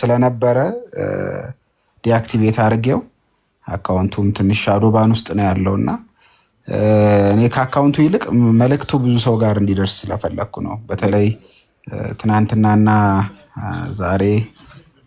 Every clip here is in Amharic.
ስለነበረ ዲአክቲቬት አድርጌው አካውንቱም ትንሽ አዶባን ውስጥ ነው ያለው እና እኔ ከአካውንቱ ይልቅ መልእክቱ ብዙ ሰው ጋር እንዲደርስ ስለፈለግኩ ነው። በተለይ ትናንትናና ዛሬ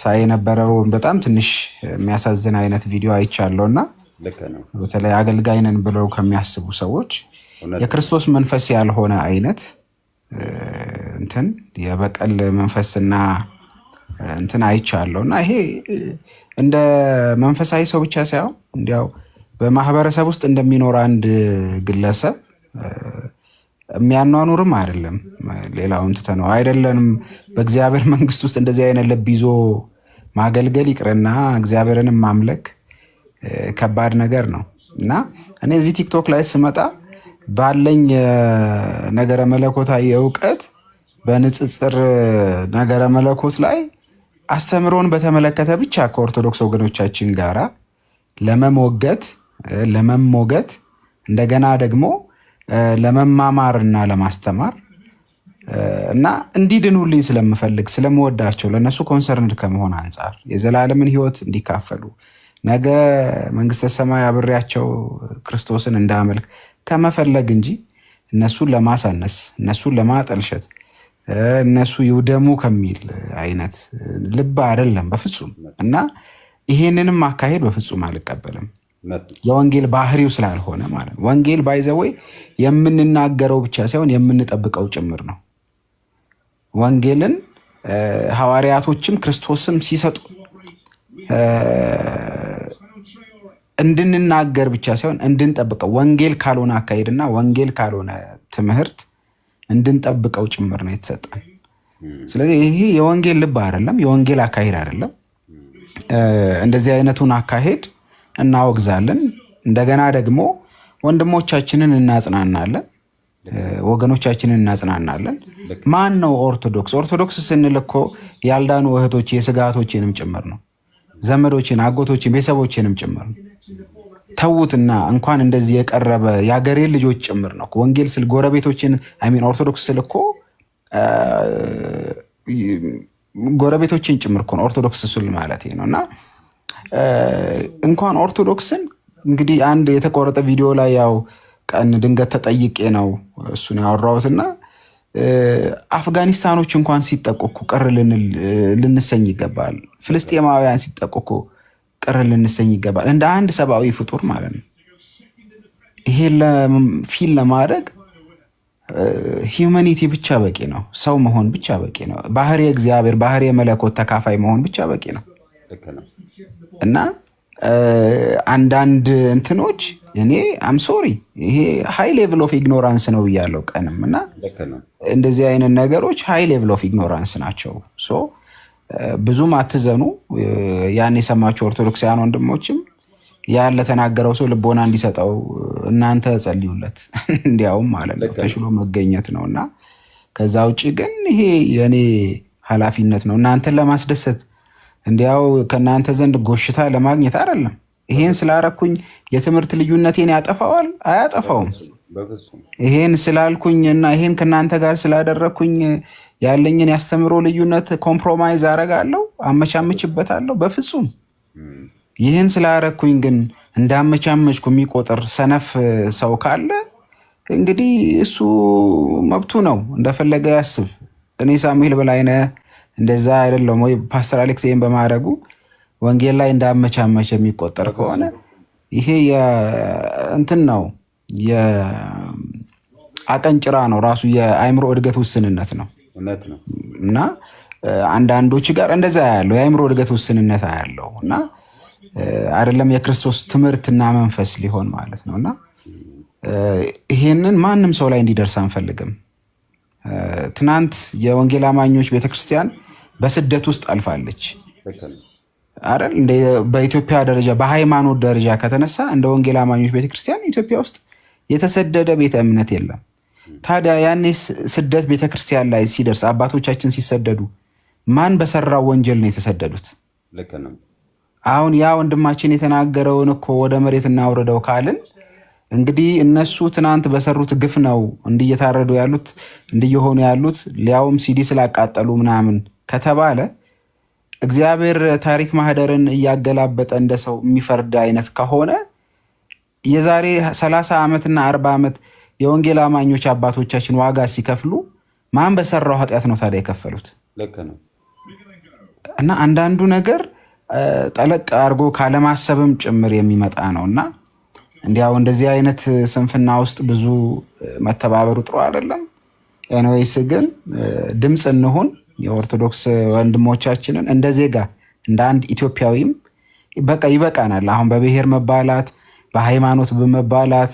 ሳይ የነበረው በጣም ትንሽ የሚያሳዝን አይነት ቪዲዮ አይቻለሁ እና በተለይ አገልጋይ ነን ብለው ከሚያስቡ ሰዎች የክርስቶስ መንፈስ ያልሆነ አይነት እንትን የበቀል መንፈስና እንትን አይቻለሁ እና ይሄ እንደ መንፈሳዊ ሰው ብቻ ሳይሆን እንዲያው በማህበረሰብ ውስጥ እንደሚኖር አንድ ግለሰብ የሚያኗኑርም አይደለም። ሌላውን ትተነው አይደለንም። በእግዚአብሔር መንግስት ውስጥ እንደዚህ አይነት ልብ ይዞ ማገልገል ይቅርና እግዚአብሔርንም ማምለክ ከባድ ነገር ነው እና እኔ እዚህ ቲክቶክ ላይ ስመጣ ባለኝ ነገረ መለኮታዊ እውቀት በንጽጽር ነገረ መለኮት ላይ አስተምሮን በተመለከተ ብቻ ከኦርቶዶክስ ወገኖቻችን ጋር ለመሞገት ለመሞገት እንደገና ደግሞ ለመማማርና ለማስተማር እና እንዲድኑልኝ ስለምፈልግ ስለምወዳቸው ለእነሱ ኮንሰርንድ ከመሆን አንጻር የዘላለምን ሕይወት እንዲካፈሉ ነገ መንግስተ ሰማይ አብሬያቸው ክርስቶስን እንዳመልክ ከመፈለግ እንጂ እነሱን ለማሳነስ እነሱን ለማጠልሸት እነሱ ይውደሙ ከሚል አይነት ልብ አይደለም በፍጹም። እና ይሄንንም አካሄድ በፍጹም አልቀበልም የወንጌል ባህሪው ስላልሆነ ማለት ነው። ወንጌል ባይዘወይ የምንናገረው ብቻ ሳይሆን የምንጠብቀው ጭምር ነው። ወንጌልን ሐዋርያቶችም ክርስቶስም ሲሰጡ እንድንናገር ብቻ ሳይሆን እንድንጠብቀው ወንጌል ካልሆነ አካሄድና ወንጌል ካልሆነ ትምህርት እንድንጠብቀው ጭምር ነው የተሰጠን። ስለዚህ ይሄ የወንጌል ልብ አይደለም፣ የወንጌል አካሄድ አይደለም። እንደዚህ አይነቱን አካሄድ እናወግዛለን። እንደገና ደግሞ ወንድሞቻችንን እናጽናናለን፣ ወገኖቻችንን እናጽናናለን። ማን ነው ኦርቶዶክስ? ኦርቶዶክስ ስንል እኮ ያልዳኑ እህቶች ስጋቶቼንም ጭምር ነው፣ ዘመዶችን፣ አጎቶችን፣ ቤተሰቦቼንም ጭምር ነው። ተዉትና እንኳን እንደዚህ የቀረበ የሀገሬን ልጆች ጭምር ነው ወንጌል ስል ጎረቤቶችን ሚን ኦርቶዶክስ ስል እኮ ጎረቤቶችን ጭምር እኮ ነው ኦርቶዶክስ ስል ማለት ነው። እና እንኳን ኦርቶዶክስን እንግዲህ አንድ የተቆረጠ ቪዲዮ ላይ ያው ቀን ድንገት ተጠይቄ ነው እሱን ያወራሁትና አፍጋኒስታኖች እንኳን ሲጠቁ እኮ ቅር ልንሰኝ ይገባል። ፍልስጤማውያን ሲጠቁ እኮ ቅር ልንሰኝ ይገባል፣ እንደ አንድ ሰብአዊ ፍጡር ማለት ነው። ይሄ ፊል ለማድረግ ሂዩማኒቲ ብቻ በቂ ነው። ሰው መሆን ብቻ በቂ ነው። ባህሪ እግዚአብሔር ባህሪ የመለኮት ተካፋይ መሆን ብቻ በቂ ነው እና አንዳንድ እንትኖች እኔ አም ሶሪ ይሄ ሃይ ሌቭል ኦፍ ኢግኖራንስ ነው ብያለው ቀንም እና እንደዚህ አይነት ነገሮች ሃይ ሌቭል ኦፍ ኢግኖራንስ ናቸው። ሶ ብዙም አትዘኑ። ያን የሰማችሁ ኦርቶዶክሳውያን ወንድሞችም ያን ለተናገረው ሰው ልቦና እንዲሰጠው እናንተ ጸልዩለት። እንዲያውም ማለት ነው ተሽሎ መገኘት ነው እና ከዛ ውጭ ግን ይሄ የእኔ ኃላፊነት ነው እናንተን ለማስደሰት እንዲያው ከእናንተ ዘንድ ጎሽታ ለማግኘት አይደለም። ይሄን ስላረኩኝ የትምህርት ልዩነቴን ያጠፋዋል? አያጠፋውም። ይሄን ስላልኩኝ እና ይሄን ከእናንተ ጋር ስላደረግኩኝ ያለኝን ያስተምሮ ልዩነት ኮምፕሮማይዝ አረጋለሁ፣ አመቻመችበታለሁ። በፍጹም ይህን ስላረኩኝ ግን እንዳመቻመችኩ የሚቆጥር ሰነፍ ሰው ካለ እንግዲህ እሱ መብቱ ነው፣ እንደፈለገ ያስብ። እኔ ሳሙኤል በላይነህ እንደዛ አይደለም ወይ ፓስተር አሌክስ ይህን በማድረጉ ወንጌል ላይ እንዳመቻመች የሚቆጠር ከሆነ ይሄ እንትን ነው የአቀንጭራ ነው ራሱ የአእምሮ እድገት ውስንነት ነው። እና አንዳንዶች ጋር እንደዛ ያለው የአእምሮ እድገት ውስንነት ያለው እና አይደለም የክርስቶስ ትምህርትና መንፈስ ሊሆን ማለት ነው እና ይሄንን ማንም ሰው ላይ እንዲደርስ አንፈልግም። ትናንት የወንጌል አማኞች ቤተክርስቲያን በስደት ውስጥ አልፋለች አይደል? እንደ በኢትዮጵያ ደረጃ በሃይማኖት ደረጃ ከተነሳ እንደ ወንጌል አማኞች ቤተክርስቲያን ኢትዮጵያ ውስጥ የተሰደደ ቤተ እምነት የለም። ታዲያ ያኔ ስደት ቤተክርስቲያን ላይ ሲደርስ አባቶቻችን ሲሰደዱ ማን በሰራው ወንጀል ነው የተሰደዱት? ልክ ነው። አሁን ያ ወንድማችን የተናገረውን እኮ ወደ መሬት እናውርደው ካልን እንግዲህ እነሱ ትናንት በሰሩት ግፍ ነው እንዲየታረዱ ያሉት እንዲየሆኑ ያሉት ሊያውም ሲዲ ስላቃጠሉ ምናምን ከተባለ እግዚአብሔር ታሪክ ማህደርን እያገላበጠ እንደ ሰው የሚፈርድ አይነት ከሆነ የዛሬ 30 ዓመትና 40 ዓመት የወንጌል አማኞች አባቶቻችን ዋጋ ሲከፍሉ ማን በሰራው ኃጢአት ነው ታዲያ የከፈሉት? ልክ ነው። እና አንዳንዱ ነገር ጠለቅ አድርጎ ካለማሰብም ጭምር የሚመጣ ነው እና እንዲያው እንደዚህ አይነት ስንፍና ውስጥ ብዙ መተባበሩ ጥሩ አይደለም። ኤንዌይስ ግን ድምፅ እንሁን የኦርቶዶክስ ወንድሞቻችንን እንደ ዜጋ እንደ አንድ ኢትዮጵያዊም በቃ ይበቃናል። አሁን በብሔር መባላት፣ በሃይማኖት በመባላት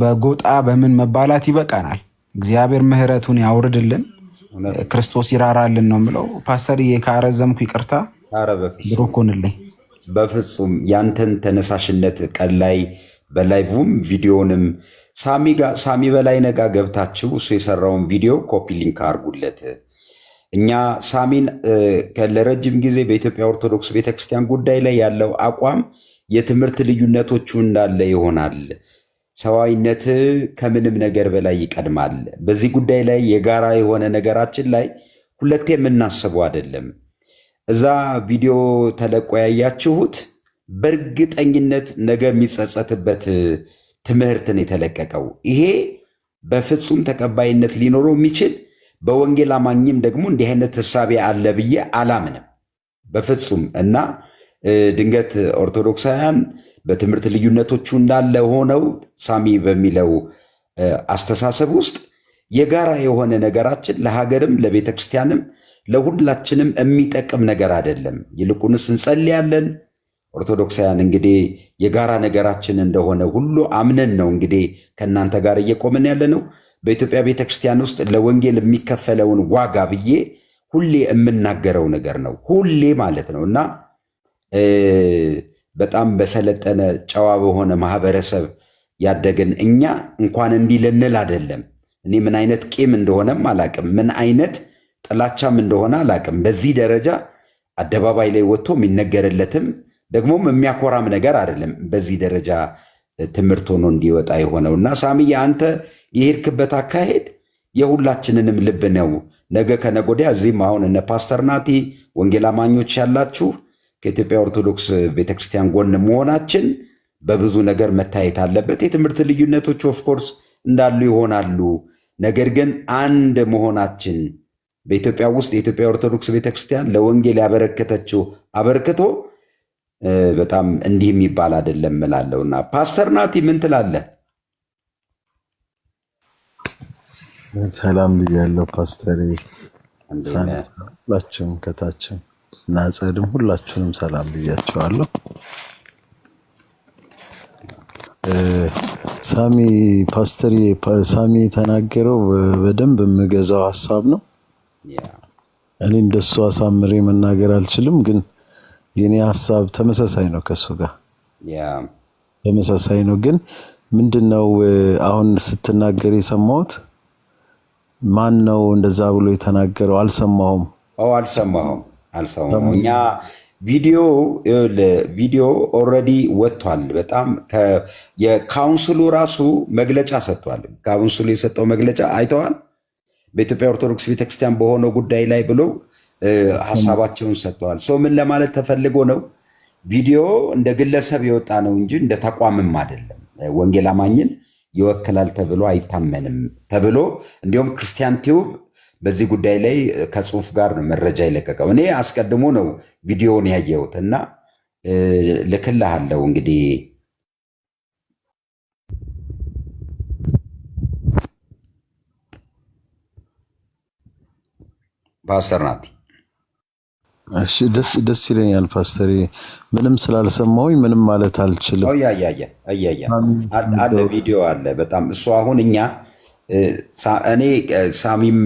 በጎጣ በምን መባላት ይበቃናል። እግዚአብሔር ምሕረቱን ያውርድልን፣ ክርስቶስ ይራራልን ነው የምለው። ፓስተርዬ ካረዘምኩ ይቅርታ። ብሩኩንልኝ በፍጹም ያንተን ተነሳሽነት ቀን ላይ በላይቭም ቪዲዮንም ሳሚ ሳሚ በላይ ነጋ ገብታችሁ እሱ የሰራውን ቪዲዮ ኮፒ ሊንክ አድርጉለት። እኛ ሳሚን ለረጅም ጊዜ በኢትዮጵያ ኦርቶዶክስ ቤተክርስቲያን ጉዳይ ላይ ያለው አቋም የትምህርት ልዩነቶቹ እንዳለ ይሆናል ሰብአዊነት ከምንም ነገር በላይ ይቀድማል። በዚህ ጉዳይ ላይ የጋራ የሆነ ነገራችን ላይ ሁለቴ የምናስበው አይደለም። እዛ ቪዲዮ ተለቆ ያያችሁት በእርግጠኝነት ነገ የሚጸጸትበት ትምህርትን የተለቀቀው ይሄ በፍጹም ተቀባይነት ሊኖረው የሚችል በወንጌል አማኝም ደግሞ እንዲህ አይነት ሕሳቤ አለ ብዬ አላምንም በፍጹም እና ድንገት ኦርቶዶክሳውያን በትምህርት ልዩነቶቹ እንዳለ ሆነው ሳሚ በሚለው አስተሳሰብ ውስጥ የጋራ የሆነ ነገራችን ለሀገርም ለቤተ ክርስቲያንም ለሁላችንም የሚጠቅም ነገር አይደለም። ይልቁንስ እንጸልያለን። ኦርቶዶክሳውያን እንግዲህ የጋራ ነገራችን እንደሆነ ሁሉ አምነን ነው እንግዲህ ከእናንተ ጋር እየቆምን ያለ ነው። በኢትዮጵያ ቤተ ክርስቲያን ውስጥ ለወንጌል የሚከፈለውን ዋጋ ብዬ ሁሌ የምናገረው ነገር ነው። ሁሌ ማለት ነው እና በጣም በሰለጠነ ጨዋ በሆነ ማህበረሰብ ያደግን እኛ እንኳን እንዲህ ልንል አይደለም። እኔ ምን አይነት ቂም እንደሆነም አላቅም፣ ምን አይነት ጥላቻም እንደሆነ አላቅም። በዚህ ደረጃ አደባባይ ላይ ወጥቶ የሚነገርለትም ደግሞም የሚያኮራም ነገር አይደለም። በዚህ ደረጃ ትምህርት ሆኖ እንዲወጣ የሆነው እና ሳሚ አንተ የሄድክበት አካሄድ የሁላችንንም ልብ ነው። ነገ ከነጎዲያ እዚህም አሁን እነ ፓስተር ናቲ ወንጌል ያላችሁ ከኢትዮጵያ ኦርቶዶክስ ቤተክርስቲያን ጎን መሆናችን በብዙ ነገር መታየት አለበት። የትምህርት ልዩነቶች ኦፍኮርስ እንዳሉ ይሆናሉ። ነገር ግን አንድ መሆናችን በኢትዮጵያ ውስጥ የኢትዮጵያ ኦርቶዶክስ ቤተክርስቲያን ለወንጌል ያበረከተችው አበርክቶ በጣም እንዲህ የሚባል አይደለም እና ፓስተር ናቲ ምን ትላለህ? ሰላም ብያለሁ ፓስተር፣ ሁላችሁም ከታችም ናጸድም ሁላችሁንም ሰላም ብያቸዋለሁ። ሳሚ ፓስተር ሳሚ የተናገረው በደንብ የምገዛው ሀሳብ ነው። እኔ እንደሱ አሳምሬ መናገር አልችልም፣ ግን የኔ ሀሳብ ተመሳሳይ ነው ከሱ ጋር ተመሳሳይ ነው። ግን ምንድነው አሁን ስትናገር የሰማሁት ማን ነው እንደዛ ብሎ የተናገረው? አልሰማሁም። አልሰማሁም አልሰውም። እኛ ቪዲዮ ቪዲዮ ኦልሬዲ ወጥቷል። በጣም የካውንስሉ ራሱ መግለጫ ሰጥቷል። ካውንስሉ የሰጠው መግለጫ አይተዋል። በኢትዮጵያ ኦርቶዶክስ ቤተክርስቲያን በሆነው ጉዳይ ላይ ብሎ ሀሳባቸውን ሰጥተዋል። ሰው ምን ለማለት ተፈልጎ ነው? ቪዲዮ እንደ ግለሰብ የወጣ ነው እንጂ እንደ ተቋምም አይደለም። ወንጌል አማኝን ይወክላል ተብሎ አይታመንም ተብሎ እንዲሁም ክርስቲያን ቲዩብ በዚህ ጉዳይ ላይ ከጽሁፍ ጋር ነው መረጃ የለቀቀው። እኔ አስቀድሞ ነው ቪዲዮውን ያየሁት እና ልክልሃለው እንግዲህ ፓስተር ናት። እሺ ደስ ደስ ይለኛል ፓስተር። ምንም ስላልሰማሁኝ ምንም ማለት አልችልም። አለ ቪዲዮ አለ። በጣም እሱ አሁን እኛ እኔ ሳሚም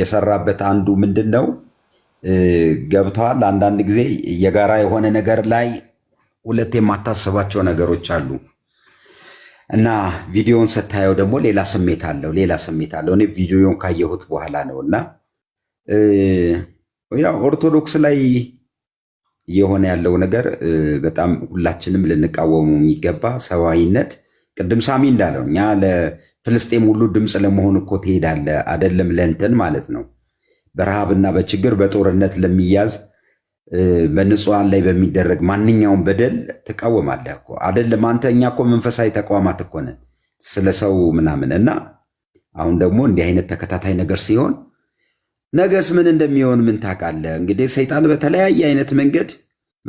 የሰራበት አንዱ ምንድን ነው ገብተዋል። አንዳንድ ጊዜ የጋራ የሆነ ነገር ላይ ሁለት የማታስባቸው ነገሮች አሉ እና ቪዲዮውን ስታየው ደግሞ ሌላ ስሜት አለው፣ ሌላ ስሜት አለው። እኔ ቪዲዮውን ካየሁት በኋላ ነው እና ያው ኦርቶዶክስ ላይ የሆነ ያለው ነገር በጣም ሁላችንም ልንቃወሙ የሚገባ ሰብአዊነት፣ ቅድም ሳሚ እንዳለው እኛ ፍልስጤም ሁሉ ድምፅ ለመሆን እኮ ትሄዳለ አደለም ለንትን ማለት ነው። በረሃብና በችግር በጦርነት ለሚያዝ በንጹሐን ላይ በሚደረግ ማንኛውም በደል ትቃወማለህ እኮ አደለም። አንተ እኛ እኮ መንፈሳዊ ተቋማት እኮ ነን ስለ ሰው ምናምን እና አሁን ደግሞ እንዲህ አይነት ተከታታይ ነገር ሲሆን ነገስ ምን እንደሚሆን ምን ታውቃለህ? እንግዲህ ሰይጣን በተለያየ አይነት መንገድ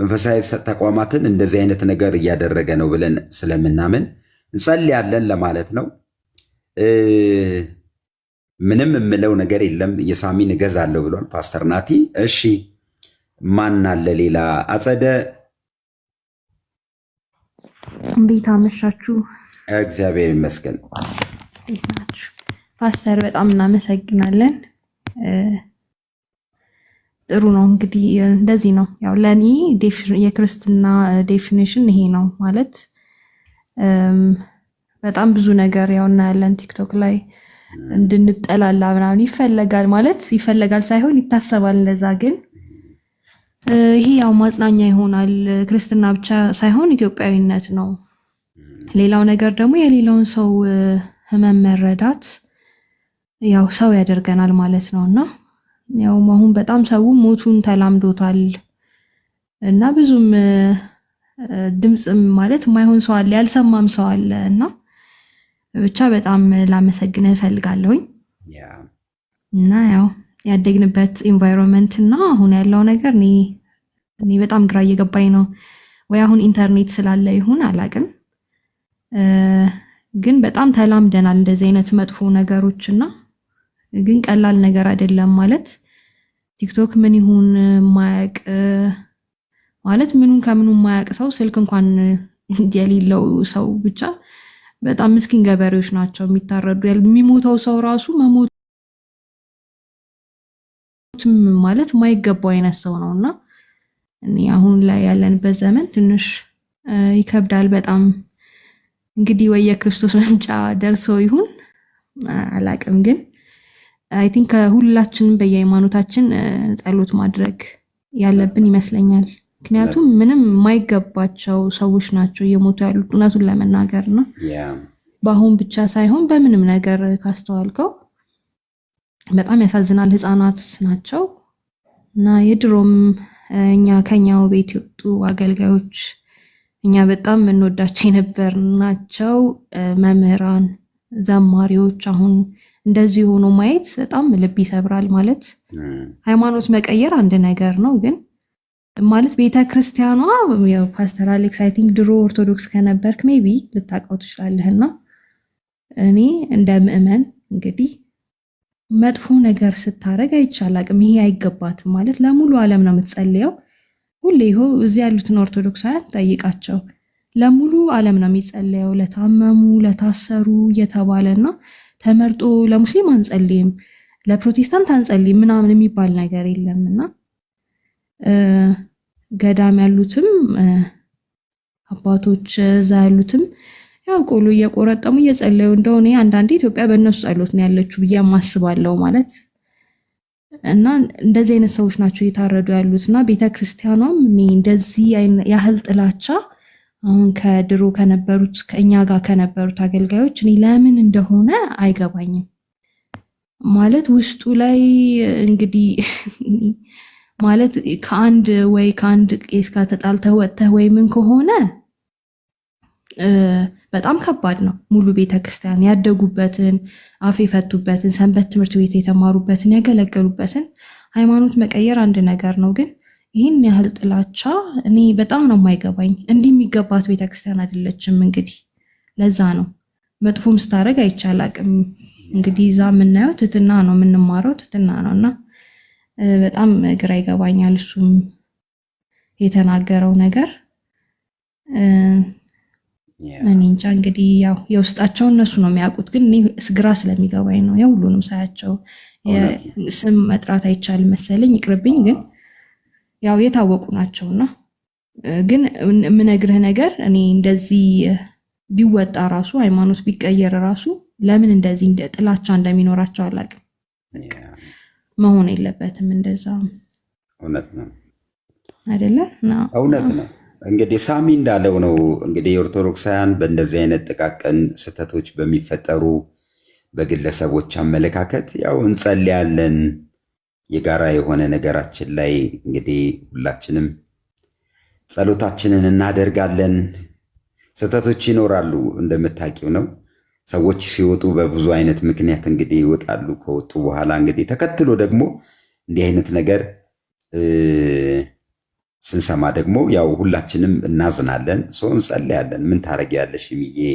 መንፈሳዊ ተቋማትን እንደዚህ አይነት ነገር እያደረገ ነው ብለን ስለምናምን እንጸልያለን ለማለት ነው። ምንም የምለው ነገር የለም። የሳሚን እገዛለሁ ብሏል ፓስተር ናቲ። እሺ ማን አለ ሌላ? አጸደ እንዴት አመሻችሁ? እግዚአብሔር ይመስገን። ፓስተር በጣም እናመሰግናለን። ጥሩ ነው እንግዲህ እንደዚህ ነው ያው ለእኔ የክርስትና ዴፊኒሽን ይሄ ነው ማለት በጣም ብዙ ነገር ያው እናያለን ቲክቶክ ላይ እንድንጠላላ ምናምን ይፈለጋል ማለት ይፈለጋል ሳይሆን ይታሰባል እንደዛ። ግን ይሄ ያው ማጽናኛ ይሆናል። ክርስትና ብቻ ሳይሆን ኢትዮጵያዊነት ነው። ሌላው ነገር ደግሞ የሌላውን ሰው ህመም መረዳት ያው ሰው ያደርገናል ማለት ነው እና ያው አሁን በጣም ሰው ሞቱን ተላምዶታል እና ብዙም ድምፅም ማለት የማይሆን ሰው አለ፣ ያልሰማም ሰው አለ እና ብቻ በጣም ላመሰግን እፈልጋለሁኝ እና ያው ያደግንበት ኢንቫይሮንመንት እና አሁን ያለው ነገር እኔ በጣም ግራ እየገባኝ ነው። ወይ አሁን ኢንተርኔት ስላለ ይሁን አላቅም፣ ግን በጣም ተላምደናል እንደዚህ አይነት መጥፎ ነገሮች እና ግን ቀላል ነገር አይደለም ማለት ቲክቶክ ምን ይሁን ማያቅ ማለት ምኑን ከምኑ ማያቅ ሰው ስልክ እንኳን የሌለው ሰው ብቻ በጣም ምስኪን ገበሬዎች ናቸው የሚታረዱ። የሚሞተው ሰው ራሱ መሞትም ማለት የማይገባው አይነት ሰው ነው እና አሁን ላይ ያለንበት ዘመን ትንሽ ይከብዳል በጣም እንግዲህ ወይ የክርስቶስ መምጫ ደርሶ ይሁን አላቅም፣ ግን አይ ቲንክ በየሃይማኖታችን ጸሎት ማድረግ ያለብን ይመስለኛል። ምክንያቱም ምንም የማይገባቸው ሰዎች ናቸው እየሞቱ ያሉት እውነቱን ለመናገር ነው። በአሁን ብቻ ሳይሆን በምንም ነገር ካስተዋልከው በጣም ያሳዝናል። ህፃናት ናቸው እና የድሮም እኛ ከኛው ቤት የወጡ አገልጋዮች እኛ በጣም የምንወዳቸው የነበር ናቸው። መምህራን፣ ዘማሪዎች አሁን እንደዚህ ሆኖ ማየት በጣም ልብ ይሰብራል። ማለት ሃይማኖት መቀየር አንድ ነገር ነው ግን ማለት ቤተ ክርስቲያኗ ፓስተር አሌክስ አይ ቲንክ ድሮ ኦርቶዶክስ ከነበርክ ቢ ልታውቀው ትችላለህና እኔ እንደ ምዕመን እንግዲህ መጥፎ ነገር ስታደረግ አይቻላቅም። ይሄ አይገባትም ማለት ለሙሉ ዓለም ነው የምትጸልየው። ሁሌ ይሆ እዚህ ያሉትን ኦርቶዶክሳውያን ጠይቃቸው። ለሙሉ ዓለም ነው የሚጸለየው ለታመሙ፣ ለታሰሩ እየተባለ እና ተመርጦ ለሙስሊም አንጸልይም፣ ለፕሮቴስታንት አንጸልይም ምናምን የሚባል ነገር የለም እና ገዳም ያሉትም አባቶች እዛ ያሉትም ያው ቆሎ እየቆረጠሙ እየጸለዩ እንደሆነ አንዳንዴ ኢትዮጵያ በእነሱ ጸሎት ነው ያለችው ብዬ ማስባለው ማለት እና እንደዚህ አይነት ሰዎች ናቸው እየታረዱ ያሉት። እና ቤተክርስቲያኗም እንደዚህ ያህል ጥላቻ አሁን ከድሮ ከነበሩት ከእኛ ጋር ከነበሩት አገልጋዮች እኔ ለምን እንደሆነ አይገባኝም። ማለት ውስጡ ላይ እንግዲህ ማለት ከአንድ ወይ ከአንድ ቄስ ጋር ተጣልተህ ወጥተህ ወይ ምን ከሆነ በጣም ከባድ ነው። ሙሉ ቤተክርስቲያን ያደጉበትን አፍ የፈቱበትን ሰንበት ትምህርት ቤት የተማሩበትን ያገለገሉበትን ሃይማኖት መቀየር አንድ ነገር ነው። ግን ይህን ያህል ጥላቻ እኔ በጣም ነው የማይገባኝ። እንዲህ የሚገባት ቤተክርስቲያን አይደለችም። እንግዲህ ለዛ ነው መጥፎም ስታደርግ አይቻል አቅም እንግዲህ እዛ የምናየው ትትና ነው የምንማረው ትትና ነው እና በጣም ግራ ይገባኛል። እሱም የተናገረው ነገር እኔ እንጃ። እንግዲህ ያው የውስጣቸው እነሱ ነው የሚያውቁት፣ ግን እኔ ግራ ስለሚገባኝ ነው የሁሉንም ሳያቸው። ስም መጥራት አይቻልም መሰለኝ ይቅርብኝ፣ ግን ያው የታወቁ ናቸውና ግን የምነግርህ ነገር እኔ እንደዚህ ቢወጣ ራሱ ሃይማኖት ቢቀየር ራሱ ለምን እንደዚህ ጥላቻ እንደሚኖራቸው አላውቅም። መሆን የለበትም። እንደዛ እውነት ነው አይደለ? እውነት ነው። እንግዲህ ሳሚ እንዳለው ነው እንግዲህ የኦርቶዶክሳውያን በእንደዚህ አይነት ጥቃቅን ስህተቶች በሚፈጠሩ በግለሰቦች አመለካከት ያው እንጸልያለን። የጋራ የሆነ ነገራችን ላይ እንግዲህ ሁላችንም ጸሎታችንን እናደርጋለን። ስህተቶች ይኖራሉ እንደምታውቂው ነው። ሰዎች ሲወጡ በብዙ አይነት ምክንያት እንግዲህ ይወጣሉ። ከወጡ በኋላ እንግዲህ ተከትሎ ደግሞ እንዲህ አይነት ነገር ስንሰማ ደግሞ ያው ሁላችንም እናዝናለን። ሰው እንጸልያለን። ምን ታረጊያለሽ ሚዬ